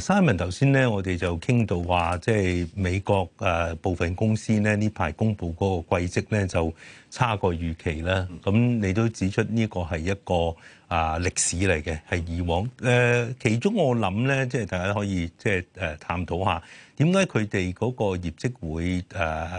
Simon，頭先咧，我哋就傾到話，即係美國誒部分公司咧，呢排公布嗰個季績咧就差過預期啦。咁你都指出呢個係一個啊歷史嚟嘅，係以往誒，其中我諗咧，即係大家可以即係誒探討下。點解佢哋嗰個業績會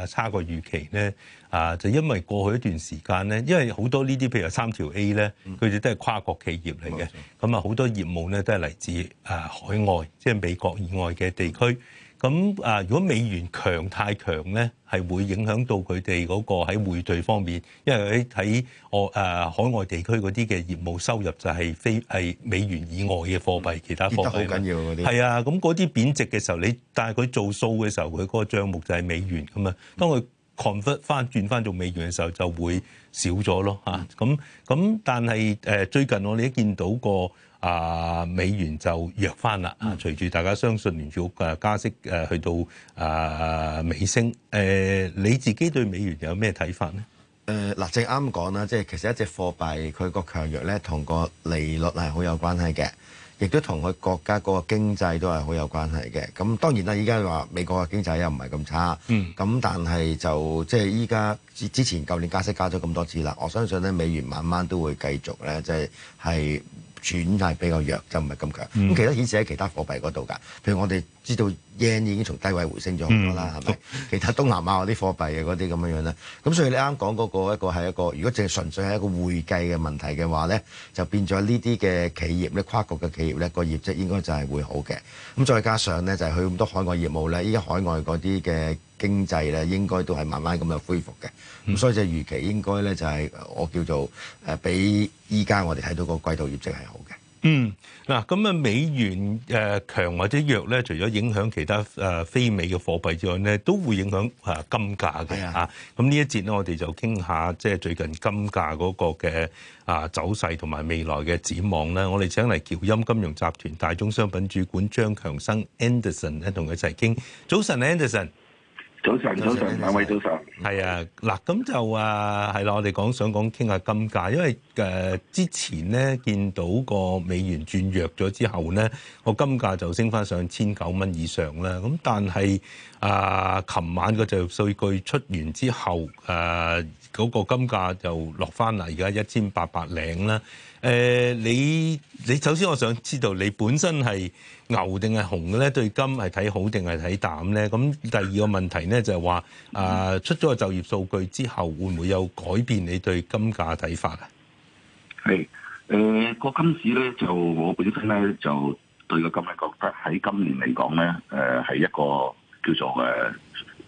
差過預期咧？啊，就因為過去一段時間咧，因為好多呢啲譬如三條 A 咧，佢哋都係跨國企業嚟嘅，咁啊好多業務咧都係嚟自誒海外，即係美國以外嘅地區。咁啊，如果美元強太強咧，係會影響到佢哋嗰個喺匯兌方面，因為喺睇我誒海外地區嗰啲嘅業務收入就係非係美元以外嘅貨幣，嗯、其他貨幣好緊要啲。係啊，咁嗰啲貶值嘅時候，你但係佢做數嘅時候，佢嗰個帳目就係美元咁啊。當佢 convert 翻轉翻做美元嘅時候，就會少咗咯嚇。咁咁、嗯啊，但係誒、呃、最近我哋都見到個。啊，美元就弱翻啦！啊，隨住大家相信聯儲局加息，誒去到啊尾聲誒、啊，你自己對美元有咩睇法呢？誒嗱、呃，正啱講啦，即係其實一隻貨幣佢個強弱咧，同個利率係好有關係嘅，亦都同佢國家嗰個經濟都係好有關係嘅。咁當然啦，依家話美國嘅經濟又唔係咁差，嗯，咁但係就即係依家之前舊年加息加咗咁多次啦，我相信咧美元慢慢都會繼續咧，即係係。轉就係比較弱，就唔係咁強。咁、mm. 其實顯示喺其他貨幣嗰度㗎，譬如我哋。知道 yen 已經從低位回升咗好多啦，係咪、嗯？吧其他東南亞嗰啲貨幣嘅嗰啲咁樣樣啦，咁所以你啱講嗰個一個係一個，如果淨係純粹係一個會計嘅問題嘅話咧，就變咗呢啲嘅企業咧，跨國嘅企業咧，個業績應該就係會好嘅。咁再加上咧，就係佢咁多海外業務咧，依家海外嗰啲嘅經濟咧，應該都係慢慢咁樣恢復嘅。咁、嗯、所以就預期應該咧就係、是、我叫做誒比依家我哋睇到個季度業績係好。嗯，嗱，咁啊，美元誒強或者弱咧，除咗影響其他誒非美嘅貨幣之外咧，都會影響啊金價嘅嚇。咁呢的、啊、一節咧，我哋就傾下即係最近金價嗰個嘅啊走勢同埋未來嘅展望咧。我哋請嚟僑鑫金融集團大宗商品主管張強生 Anderson 咧，同佢一齊傾。早晨，Anderson。早晨，早晨，兩位早晨。係啊，嗱咁就啊係啦，我哋講想講傾下金價，因為誒、呃、之前咧見到個美元轉弱咗之後咧，個金價就升翻上千九蚊以上啦。咁但係啊，琴、呃、晚個就數據出完之後，誒、呃、嗰、那個金價就落翻啦，而家一千八百零啦。誒、呃、你你首先我想知道你本身係。牛定係熊嘅咧？對金係睇好定係睇淡咧？咁第二個問題咧就係話、是，誒、呃、出咗個就業數據之後，會唔會有改變你對金價睇法啊？係誒，呃、那個金市咧就我本身咧就對個金咧覺得喺今年嚟講咧，誒、呃、係一個叫做誒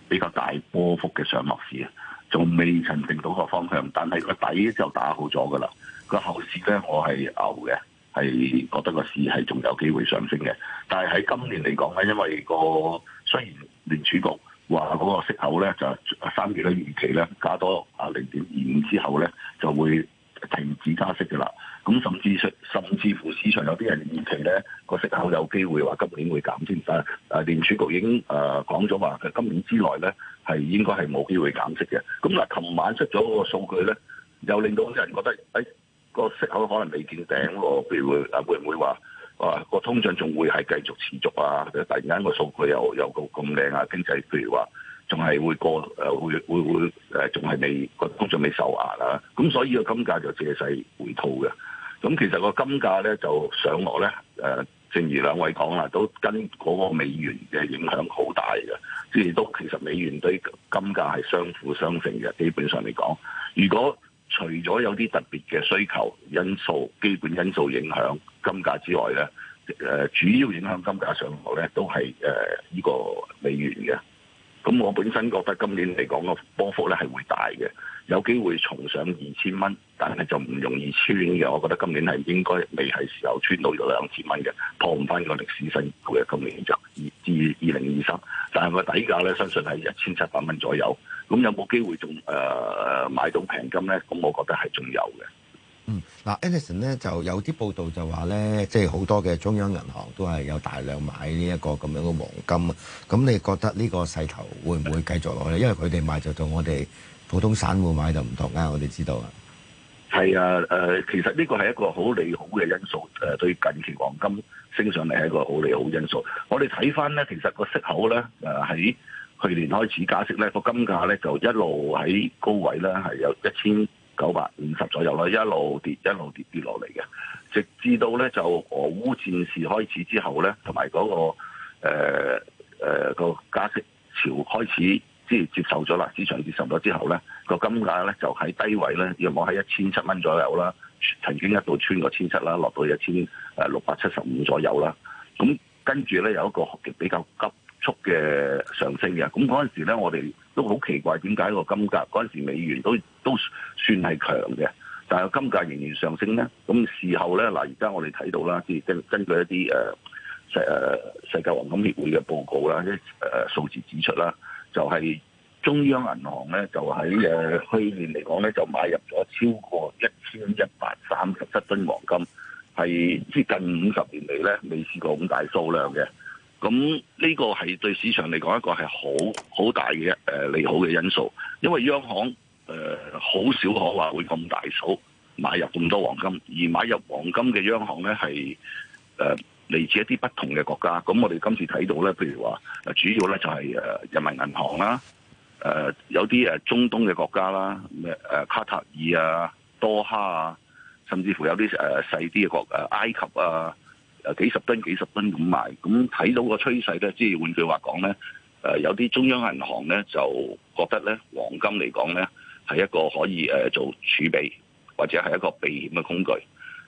比較大波幅嘅上落市啊，仲未曾定到個方向，但係個底就打好咗噶啦，個後市咧我係牛嘅。係覺得個市係仲有機會上升嘅，但係喺今年嚟講咧，因為個雖然聯儲局話嗰個息口咧就三月咧預期咧加多啊零點二五之後咧就會停止加息嘅啦，咁甚至出甚至乎市場有啲人預期咧個息口有機會話今年會減添，但係啊聯儲局已經啊講咗話佢今年之內咧係應該係冇機會減息嘅，咁嗱琴晚出咗個數據咧又令到好多人覺得誒。哎個息口可能未見頂喎，譬如會會唔會話啊個通脹仲會係繼續持續啊？突然間個數據又又咁咁靚啊？經濟譬如話仲係會過誒、呃、會會會誒仲係未個通脹未受壓啊？咁所以個金價就借勢回吐嘅。咁其實個金價咧就上落咧誒、呃，正如兩位講啦，都跟嗰個美元嘅影響好大嘅，即係都其實美元對金價係相輔相成嘅，基本上嚟講，如果。除咗有啲特別嘅需求因素、基本因素影響金價之外咧，誒、呃、主要影響金價上落咧，都係誒呢個美元嘅。咁我本身覺得今年嚟講個波幅咧係會大嘅，有機會重上二千蚊，但係就唔容易穿嘅。我覺得今年係應該未係時候穿到咗兩千蚊嘅，破唔返個歷史新高嘅今年就至二零二三，但係個底價咧相信係一千七百蚊左右。咁有冇機會仲誒、呃、買到平金咧？咁我覺得係仲有嘅。嗯，嗱 Edison 咧就有啲報道就話咧，即係好多嘅中央銀行都係有大量買呢一個咁樣嘅黃金。咁你覺得呢個勢頭會唔會繼續落去咧？是因為佢哋買就到我哋普通散戶買就唔同啊！我哋知道啊。係啊，誒，其實呢個係一個好利好嘅因素，誒、呃，對近期黃金升上嚟係一個好利好因素。我哋睇翻咧，其實個息口咧，誒、呃、喺。去年開始加息咧，個金價咧就一路喺高位啦，係有一千九百五十左右啦，一路跌，一路跌跌落嚟嘅。直至到咧就俄烏戰事開始之後咧，同埋嗰個誒誒、呃呃、加息潮開始，即係接受咗啦，市場接受咗之後咧，個金價咧就喺低位咧，約望喺一千七蚊左右啦，曾經一度穿過千七啦，落到去一千誒六百七十五左右啦。咁跟住咧有一個學極比較急速嘅上升嘅，咁嗰陣時咧，我哋都好奇怪點解個金價嗰陣時美元都都算係強嘅，但係金價仍然上升咧。咁事後咧，嗱而家我哋睇到啦，即係根根據一啲誒誒世界黃金協會嘅報告啦，即誒數字指出啦，就係中央銀行咧就喺誒去年嚟講咧就買入咗超過一千一百三十七噸黃金，係即係近五十年嚟咧未試過咁大數量嘅。咁呢個係對市場嚟講一個係好好大嘅誒、呃、利好嘅因素，因為央行誒好少可話會咁大手買入咁多黃金，而買入黃金嘅央行咧係誒嚟自一啲不同嘅國家。咁我哋今次睇到咧，譬如話誒主要咧就係誒人民銀行啦，誒、呃、有啲誒中東嘅國家啦，咩誒卡塔爾啊、多哈啊，甚至乎有啲誒、呃、細啲嘅國誒埃及啊。啊！幾十噸、幾十噸咁賣，咁睇到個趨勢咧，即係換句話講咧，誒、呃、有啲中央銀行咧就覺得咧，黃金嚟講咧係一個可以誒做儲備，或者係一個避險嘅工具。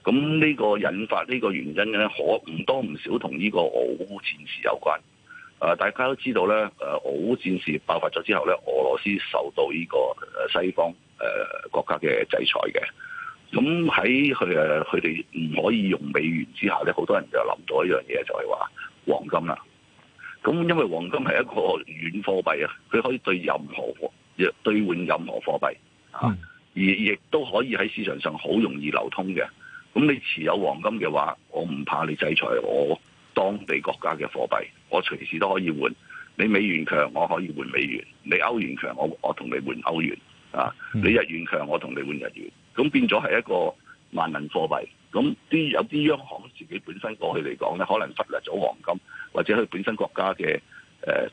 咁呢個引發呢個原因咧，可唔多唔少同呢個俄烏戰事有關。誒、呃、大家都知道咧，誒俄烏戰事爆發咗之後咧，俄羅斯受到呢個誒西方誒、呃、國家嘅制裁嘅。咁喺佢誒，佢哋唔可以用美元之下咧，好多人就諗到一樣嘢，就係話黃金啦。咁因為黃金係一個軟貨幣啊，佢可以對任何貨兌換任何貨幣啊，而亦都可以喺市場上好容易流通嘅。咁你持有黃金嘅話，我唔怕你制裁我當地國家嘅貨幣，我隨時都可以換。你美元強，我可以換美元；你歐元強，我我同你換歐元啊；你日元強，我同你換日元。咁變咗係一個萬能貨幣，咁啲有啲央行自己本身過去嚟講咧，可能忽略咗黃金，或者佢本身國家嘅誒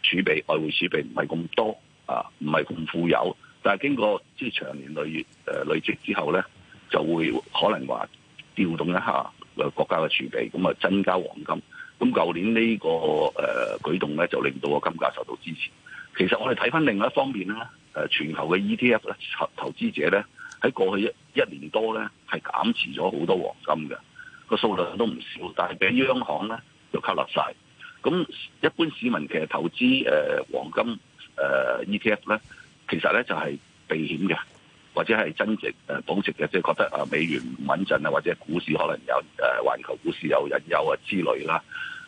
儲備、外匯儲備唔係咁多啊，唔係咁富有，但係經過即係長年累月誒累積之後咧，就會可能話調動一下誒國家嘅儲備，咁啊增加黃金。咁舊年呢個誒舉動咧，就令到個金價受到支持。其實我哋睇返另外一方面咧，誒全球嘅 ETF 咧，投資者咧喺過去一一年多咧，係減持咗好多黃金嘅，個數量都唔少，但係俾央行咧就吸納晒。咁一般市民其實投資誒、呃、黃金誒、呃、ETF 咧，其實咧就係、是、避險嘅，或者係增值誒保值嘅，即、就、係、是、覺得啊美元唔穩陣啊，或者股市可能有誒環球股市有引憂啊之類啦，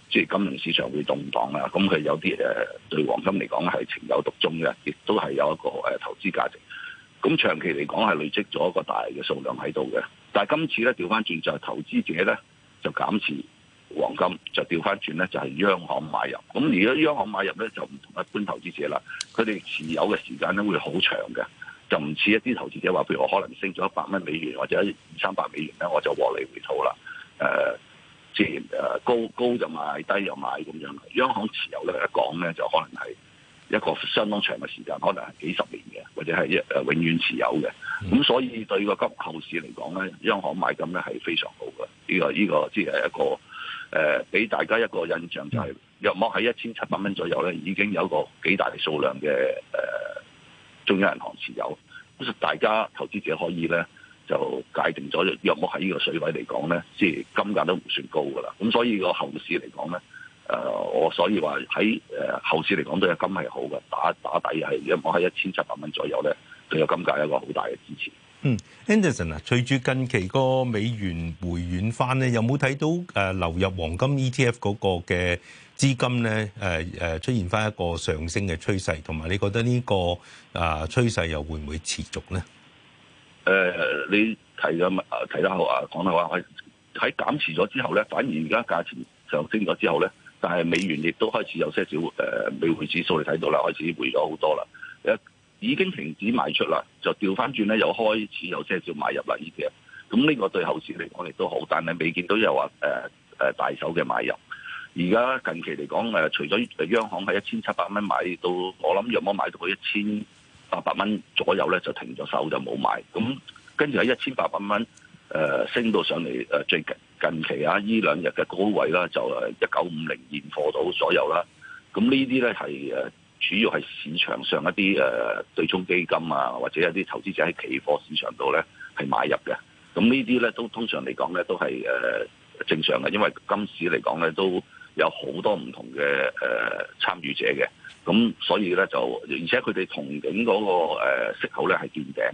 即、就、係、是、金融市場會動盪啊。咁佢有啲誒對黃金嚟講係情有獨鍾嘅，亦都係有一個誒投資價值。咁長期嚟講係累積咗一個大嘅數量喺度嘅，但係今次咧調翻轉就係投資者咧就減持黃金，就調翻轉咧就係央行買入。咁而家央行買入咧就唔同一般投資者啦，佢哋持有嘅時間咧會好長嘅，就唔似一啲投資者話，譬如我可能升咗一百蚊美元或者二三百美元咧，我就獲利回吐啦。誒、呃，自然誒高高就賣，低又買咁樣。央行持有咧嚟講咧就可能係一個相當長嘅時間，可能係幾十年嘅，或者係一誒永遠持有嘅。咁所以對個金後市嚟講咧，央行買金咧係非常好嘅。呢、這個呢、這個即係一個誒俾、呃、大家一個印象就係、是，若果喺一千七百蚊左右咧，已經有一個幾大數量嘅誒、呃、中央銀行持有。其實大家投資者可以咧就界定咗，若果喺呢個水位嚟講咧，即、就、係、是、金價都唔算高噶啦。咁所以個後市嚟講咧。誒，我、呃、所以話喺誒後市嚟講，對金係好嘅，打打底係一，我喺一千七百蚊左右咧，對個金價有一個好大嘅支持。嗯，Anderson 啊，隨住近期個美元回軟翻咧，有冇睇到誒、呃、流入黃金 ETF 嗰個嘅資金咧？誒、呃、誒、呃，出現翻一個上升嘅趨勢，同埋你覺得呢、這個啊、呃、趨勢又會唔會持續咧？誒、呃，你睇咗啊？睇得好啊！講得好啊！喺喺減持咗之後咧，反而而家價錢上升咗之後咧。但係美元亦都開始有些少誒美匯指數你睇到啦，開始回咗好多啦，誒已經停止賣出啦，就調翻轉咧，又開始有些少買入啦，依隻。咁呢個對後市嚟講亦都好，但係未見到有話誒誒大手嘅買入。而家近期嚟講誒，除咗央行喺一千七百蚊買到，我諗若果買到佢一千八百蚊左右咧，就停咗手就冇買。咁跟住喺一千八百蚊誒升到上嚟誒、呃、最近。近期啊，呢兩日嘅高位啦，就一九五零現貨到咗左右啦。咁呢啲咧係誒主要係市場上一啲誒、呃、對沖基金啊，或者一啲投資者喺期貨市場度咧係買入嘅。咁呢啲咧都通常嚟講咧都係誒、呃、正常嘅，因為今市時嚟講咧都有好多唔同嘅誒參與者嘅。咁所以咧就而且佢哋憧憬嗰個息口咧係見頂，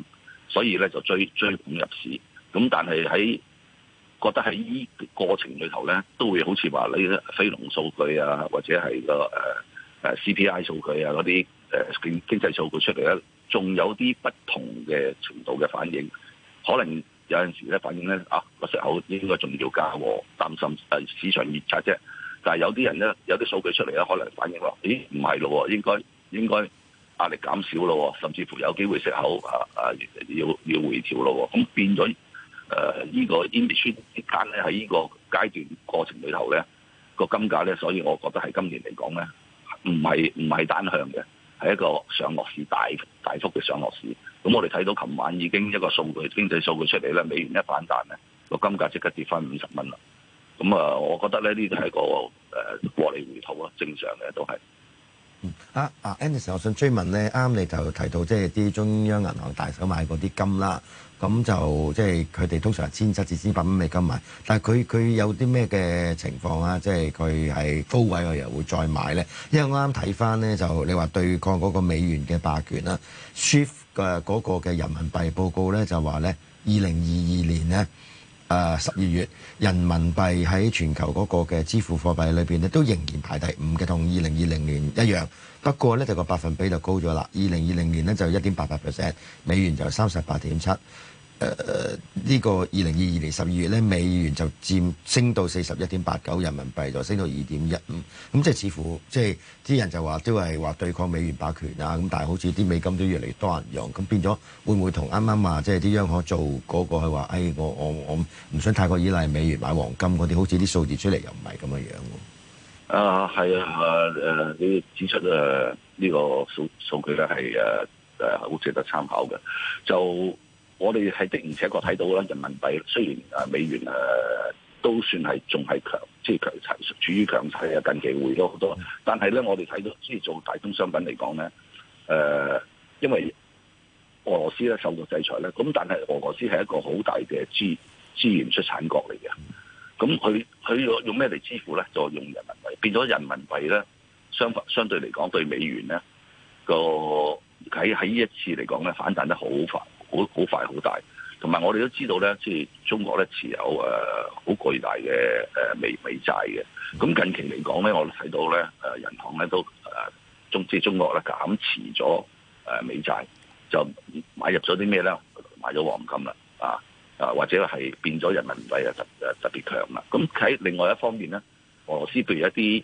所以咧就追追捧入市。咁但係喺覺得喺依過程裏頭咧，都會好似話你咧，非農數據啊，或者係、嗰個誒誒、uh, CPI 數據啊嗰啲誒經濟經濟數據出嚟咧，仲有啲不同嘅程度嘅反應。可能有陣時咧反應咧啊個息口應該仲要加，擔心誒市場熱察啫。但係有啲人咧有啲數據出嚟咧，可能反應話：咦唔係咯，應該應該壓力減少咯，甚至乎有機會息口啊啊，啊要要回調咯。咁變咗。誒，依、uh, 個 image 之間咧，喺呢個階段過程裏頭咧，個金價咧，所以我覺得係今年嚟講咧，唔係唔係單向嘅，係一個上落市大大幅嘅上落市。咁我哋睇到琴晚已經一個數據經濟數據出嚟咧，美元一反彈咧，個金價即刻跌翻五十蚊啦。咁啊，我覺得咧呢啲係一個誒獲利回吐咯，正常嘅都係。啊啊，Andy，我想追問咧，啱你就提到即係啲中央銀行大手買嗰啲金啦，咁就即係佢哋通常係千七至千八蚊美金埋，但係佢佢有啲咩嘅情況啊？即係佢係高位我又會再買咧？因為我啱睇翻咧就你話對抗嗰個美元嘅霸權啦，Shift 嘅嗰個嘅人民幣報告咧就話咧，二零二二年咧。誒十二月，人民幣喺全球嗰個嘅支付貨幣裏邊咧，都仍然排第五嘅，同二零二零年一樣。不過呢，就個百分比就高咗啦。二零二零年呢，就一點八八 percent，美元就三十八點七。誒誒呢個二零二二年十二月咧，美元就佔升到四十一點八九，人民幣，就升到二點一五，咁即係似乎即係啲人就話都係話對抗美元霸權啊，咁但係好似啲美金都越嚟越多人用，咁變咗會唔會同啱啱啊？即係啲央行做嗰個係話，哎我我我唔想太過依賴美元買黃金嗰啲，好似啲數字出嚟又唔係咁嘅樣啊。係啊誒，你指出誒呢個數數據咧係誒誒好值得參考嘅，就。我哋係的而且確睇到啦，人民幣雖然誒美元誒、呃、都算係仲係強，即係強勢處於強勢嘅近期回多好多，但係咧我哋睇到，即係做大宗商品嚟講咧，誒、呃，因為俄羅斯咧受到制裁咧，咁但係俄羅斯係一個好大嘅資資源出產國嚟嘅，咁佢佢用咩嚟支付咧？就用人民幣，變咗人民幣咧，相相對嚟講對美元咧個喺喺呢一次嚟講咧反彈得好快。好好人快好大，同埋我哋都知道咧，即係中國咧持有誒好巨大嘅誒美美債嘅。咁近期嚟講咧，我睇到咧誒銀行咧都誒中即係中國咧減持咗誒美債，就買入咗啲咩咧？買咗黃金啦，啊啊或者係變咗人民幣啊特誒特別強啦。咁喺另外一方面咧，俄羅斯譬如一啲誒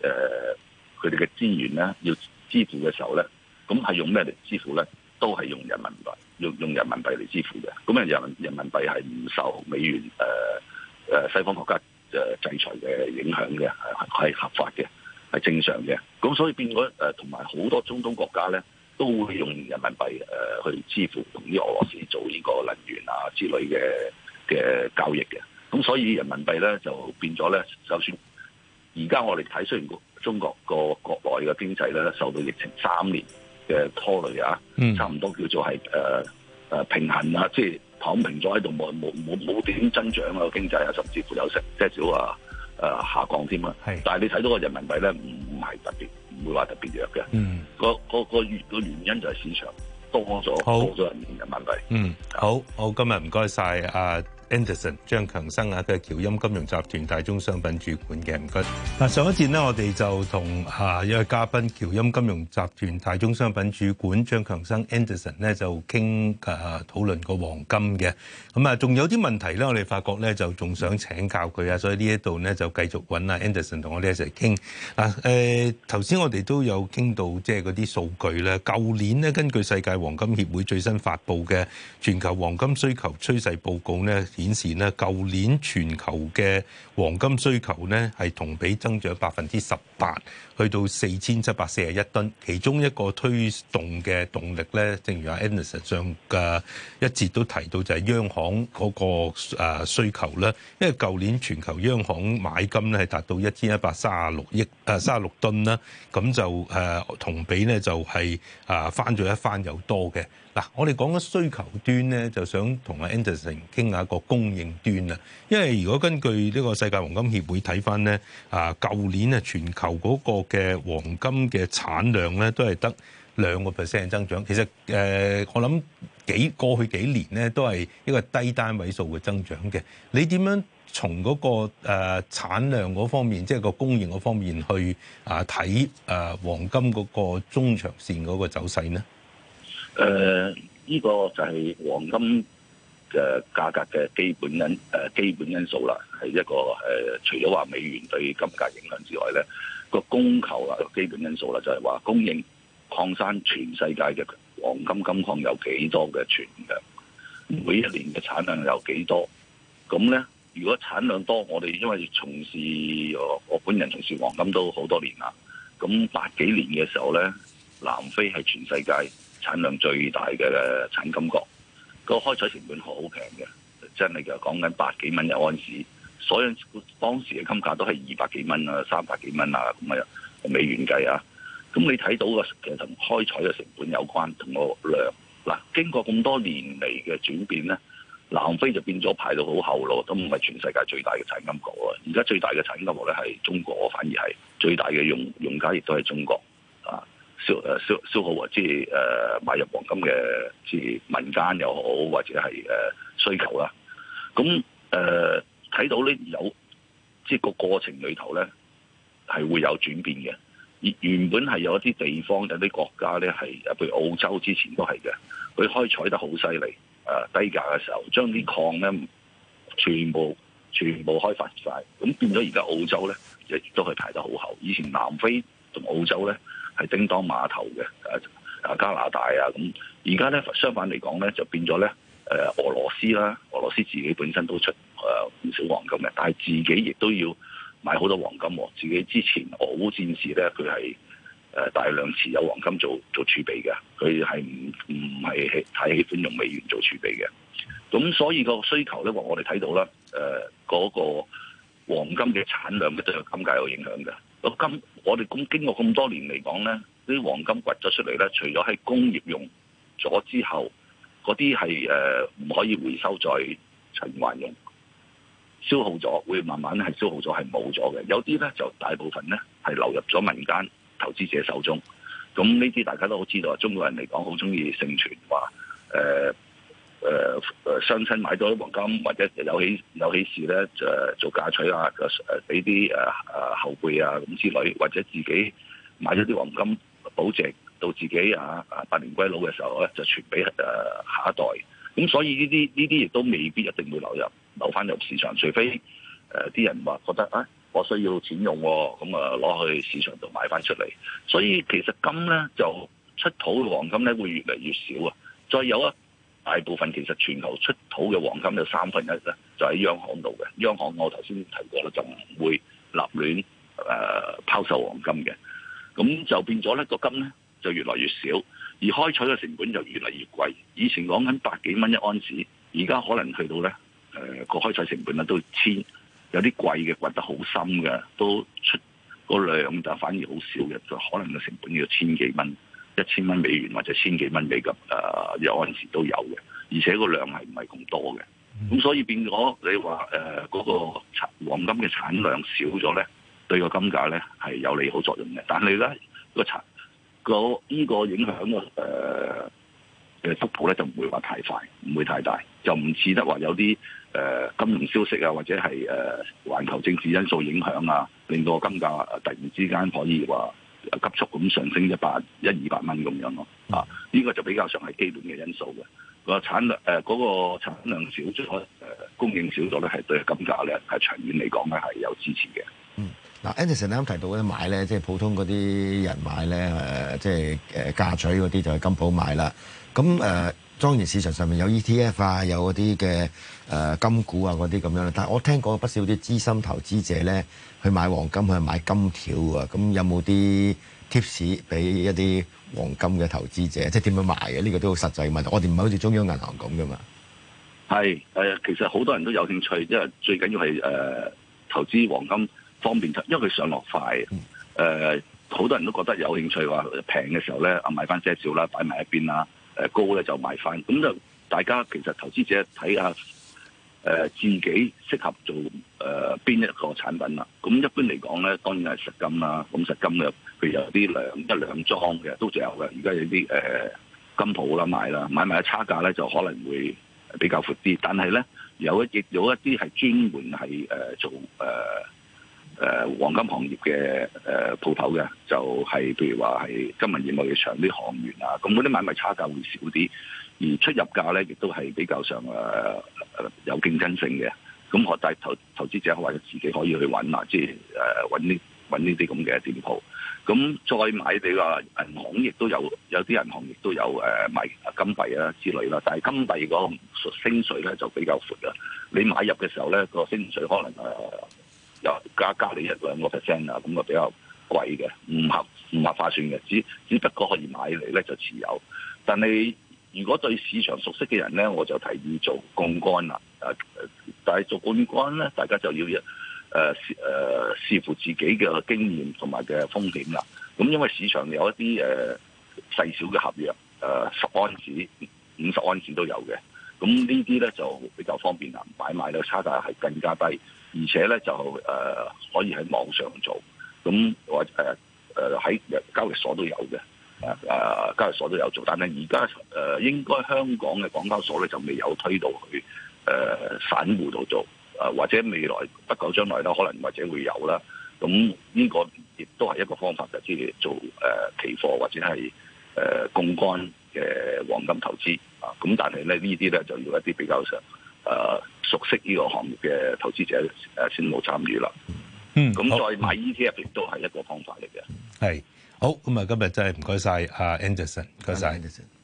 佢哋嘅資源咧要支付嘅時候咧，咁係用咩嚟支付咧？都係用人民幣用用人民幣嚟支付嘅，咁啊人人民幣係唔受美元誒誒、呃、西方國家誒制裁嘅影響嘅，係係合法嘅，係正常嘅。咁所以變咗誒，同埋好多中東國家咧，都會用人民幣誒、呃、去支付同啲俄羅斯做呢個能源啊之類嘅嘅交易嘅。咁所以人民幣咧就變咗咧，就算而家我哋睇，雖然中國個國內嘅經濟咧受到疫情三年。嘅拖累啊，差唔多叫做係誒誒平衡啊，即係躺平咗喺度冇冇冇冇點增長啊，經濟啊，甚至乎有成即係少啊誒下降添啊，是但係你睇到個人民幣咧，唔係特別，唔會話特別弱嘅，嗯那個個個原個原因就係市場多咗多咗人民幣。好人民幣嗯，的好好，好，今日唔該晒。啊！Anderson 張強生啊，佢係僑鑫金融集團大宗商品主管嘅唔該。嗱上一節咧，我哋就同下一位嘉賓僑鑫金融集團大宗商品主管張強生 Anderson 咧就傾誒討論個黃金嘅。咁啊，仲有啲問題咧，我哋發覺咧就仲想請教佢啊，所以呢一度咧就繼續揾啊 Anderson 同我哋一齊傾。嗱誒頭先我哋都有傾到即係嗰啲數據啦，舊年咧根據世界黃金協會最新發布嘅全球黃金需求趨勢報告咧。顯示咧，舊年全球嘅黃金需求咧，係同比增長百分之十八，去到四千七百四十一噸。其中一個推動嘅動力咧，正如阿 Anderson 上嘅一節都提到，就係、是、央行嗰個需求啦。因為舊年全球央行買金咧，係達到一千一百三十六億誒三十六噸啦，咁就誒同比咧就係誒翻咗一翻有多嘅。嗱，我哋講緊需求端咧，就想同阿 Anderson 傾下個。供應端啊，因為如果根據呢個世界黃金協會睇翻咧，啊舊年啊全球嗰個嘅黃金嘅產量咧都係得兩個 percent 增長。其實誒、呃，我諗幾過去幾年咧都係一個低單位數嘅增長嘅。你點樣從嗰個誒、呃、產量嗰方面，即、就、係、是、個供應嗰方面去啊睇誒黃金嗰個中長線嗰個走勢呢？誒、呃，呢、這個就係黃金嘅價格嘅基本因誒、呃、基本因素啦，係一個誒、呃，除咗話美元對金價影響之外咧，個供求啊個基本因素啦，就係、是、話供應礦山全世界嘅黃金金礦有幾多嘅存量，每一年嘅產量有幾多？咁咧，如果產量多，我哋因為從事我本人從事黃金都好多年啦，咁八幾年嘅時候咧，南非係全世界產量最大嘅產金國。個開採成本好平嘅，真係嘅，講緊百幾蚊一盎司，所以當時嘅金價都係二百幾蚊啊，三百幾蚊啊，咁啊，美元計啊，咁你睇到嘅，其實同開採嘅成本有關，同個量。嗱，經過咁多年嚟嘅轉變咧，南非就變咗排到好後咯，都唔係全世界最大嘅產金國啊。而家最大嘅產金國咧係中國，反而係最大嘅用用家亦都係中國。消誒消消耗即係誒、呃、買入黃金嘅，即係民間又好，或者係誒、呃、需求啦。咁誒睇到咧有即係個過程裏頭咧，係會有轉變嘅。而原本係有一啲地方、有啲國家咧係，譬如澳洲之前都係嘅，佢開採得好犀利啊，低價嘅時候將啲礦咧全部全部開發晒。咁變咗而家澳洲咧亦都係排得好後。以前南非同澳洲咧，係叮當碼頭嘅啊、啊加拿大啊。咁而家咧，相反嚟講咧就變咗咧誒俄羅斯啦，俄羅斯自己本身都出誒唔少黃金嘅，但係自己亦都要買好多黃金。自己之前俄烏戰事咧佢係誒大量持有黃金做做儲備嘅，佢係唔唔係太喜歡用美元做儲備嘅。咁所以個需求咧，我我哋睇到啦誒嗰個黃金嘅產量嘅對金價有影響嘅個金。我哋咁經過咁多年嚟講咧，呢啲黃金掘咗出嚟咧，除咗喺工業用咗之後，嗰啲係誒唔可以回收再循環用，消耗咗會慢慢係消耗咗係冇咗嘅。有啲咧就大部分咧係流入咗民間投資者手中。咁呢啲大家都好知道，中國人嚟講好中意盛傳話誒。誒誒，相、呃、親買咗啲黃金，或者有喜有喜事咧，就做嫁娶啊，誒俾啲誒誒後輩啊咁之類，或者自己買咗啲黃金保值，到自己啊啊百年歸老嘅時候咧，就傳俾誒、啊、下一代。咁所以呢啲呢啲亦都未必一定會流入流翻入市場，除非誒啲、啊、人話覺得啊，我需要錢用、啊，咁啊攞去市場度買翻出嚟。所以其實金咧就出土嘅黃金咧會越嚟越少啊，再有一。大部分其實全球出土嘅黃金有三分一咧，就喺央行度嘅。央行我頭先提過啦，就唔會立亂誒拋售黃金嘅。咁就變咗咧個金咧就越來越少，而開採嘅成本就越嚟越貴。以前講緊百幾蚊一盎司，而家可能去到咧誒個開採成本咧都千有啲貴嘅，掘得好深嘅都出個量就反而好少嘅，就可能個成本要千幾蚊。一千蚊美元或者千幾蚊美金，誒、呃、有按時都有嘅，而且個量係唔係咁多嘅，咁所以變咗你話誒嗰個黃金嘅產量少咗咧，對個金價咧係有利好作用嘅，但係咧、個產、個依個影響嘅誒嘅突破咧就唔會話太快，唔會太大，就唔似得話有啲誒、呃、金融消息啊，或者係誒、呃、環球政治因素影響啊，令到個金價突然之間可以話。急速咁上升一百一二百蚊咁樣咯，啊，呢個就比較上係基本嘅因素嘅。啊產呃嗰個產量誒嗰個產量少咗，誒、呃、供應少咗咧，係對金價咧係長遠嚟講咧係有支持嘅。嗯，嗱 Anderson 啱提到啲買咧，即、就、係、是、普通嗰啲人買咧，誒即係誒嫁娶嗰啲就係、是呃、金鋪買啦。咁誒、呃，莊園市場上面有 ETF 啊，有嗰啲嘅。誒、呃、金股啊，嗰啲咁樣啦，但係我聽講不少啲資深投資者咧去買黃金，去買金條啊，咁有冇啲 tips 俾一啲黃金嘅投資者，即係點樣買啊？呢、這個都好實際嘅問題，我哋唔係好似中央銀行咁噶嘛。係係啊，其實好多人都有興趣，因為最緊要係誒、呃、投資黃金方便，因為佢上落快。誒好、嗯呃、多人都覺得有興趣話平嘅時候咧，啊買翻些少啦，擺埋一邊啦；誒、呃、高咧就賣翻。咁就大家其實投資者睇下。誒自己適合做誒邊、呃、一個產品啦、啊？咁一般嚟講咧，當然係、啊嗯、實金啦、啊，咁實金嘅，譬如有啲兩一兩裝嘅都仲有嘅。而家有啲誒、呃、金鋪啦、啊、買啦，買賣嘅差價咧就可能會比較闊啲。但係咧，有一隻有一啲係專門係誒做誒誒黃金行業嘅誒鋪頭嘅，就係、是、譬如話係金文業內嘅場金銀業貿易場啲行員啊，咁嗰啲買賣差價會少啲。而出入價咧，亦都係比較上誒有競爭性嘅。咁學大投投資者或者自己可以去揾啊，即係誒揾呢揾呢啲咁嘅店鋪。咁、嗯、再買你話銀行亦都有，有啲銀行亦都有誒、啊、買金幣啊之類啦。但係金幣嗰個升水咧就比較闊啦。你買入嘅時候咧，個升水可能誒又、呃、加加你一兩個 percent 啊，咁個比較貴嘅，唔合唔合法算嘅。只只不過可，可以買嚟咧就持有，但係。如果對市場熟悉嘅人咧，我就提議做槓桿啦。誒，但係做槓桿咧，大家就要誒誒、呃、視乎自己嘅經驗同埋嘅風險啦。咁、嗯、因為市場有一啲誒、呃、細小嘅合約，誒、呃、十安士、五十安士都有嘅。咁、嗯、呢啲咧就比較方便啦，買賣咧差價係更加低，而且咧就誒、呃、可以喺網上做，咁或者誒喺交易所都有嘅。誒，交易所都有做，但係而家誒，應該香港嘅港交所咧就未有推到去誒、呃、散戶度做，誒或者未來不久將來都可能或者會有啦。咁呢個亦都係一個方法，就係、是、做誒、呃、期貨或者係誒槓桿嘅黃金投資啊。咁但係咧呢啲咧就要一啲比較上誒、呃、熟悉呢個行業嘅投資者誒先冇參與啦。嗯，咁再買 ETF 亦都係一個方法嚟嘅。係。好，咁啊，今日真係唔該曬啊，Anderson，唔該曬。